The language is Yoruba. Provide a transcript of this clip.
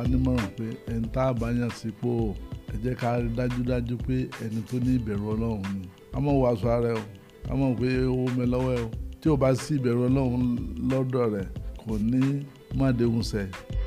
wá nímọ̀ràn pé ẹni tá a bá yàn sípò ẹ jẹ́ ká rí dájúdájú pé ẹni tó ní ìbẹ̀rù ọlọ́run ni a mọ̀ wá aṣọ ara ẹ o a mọ̀ pé owó mi lọ́wọ́ ẹ o tí o bá sí ìbẹ̀rù ọlọ́run lọ́dọ̀ rẹ̀ kò ní má déhùn sẹ́ẹ̀.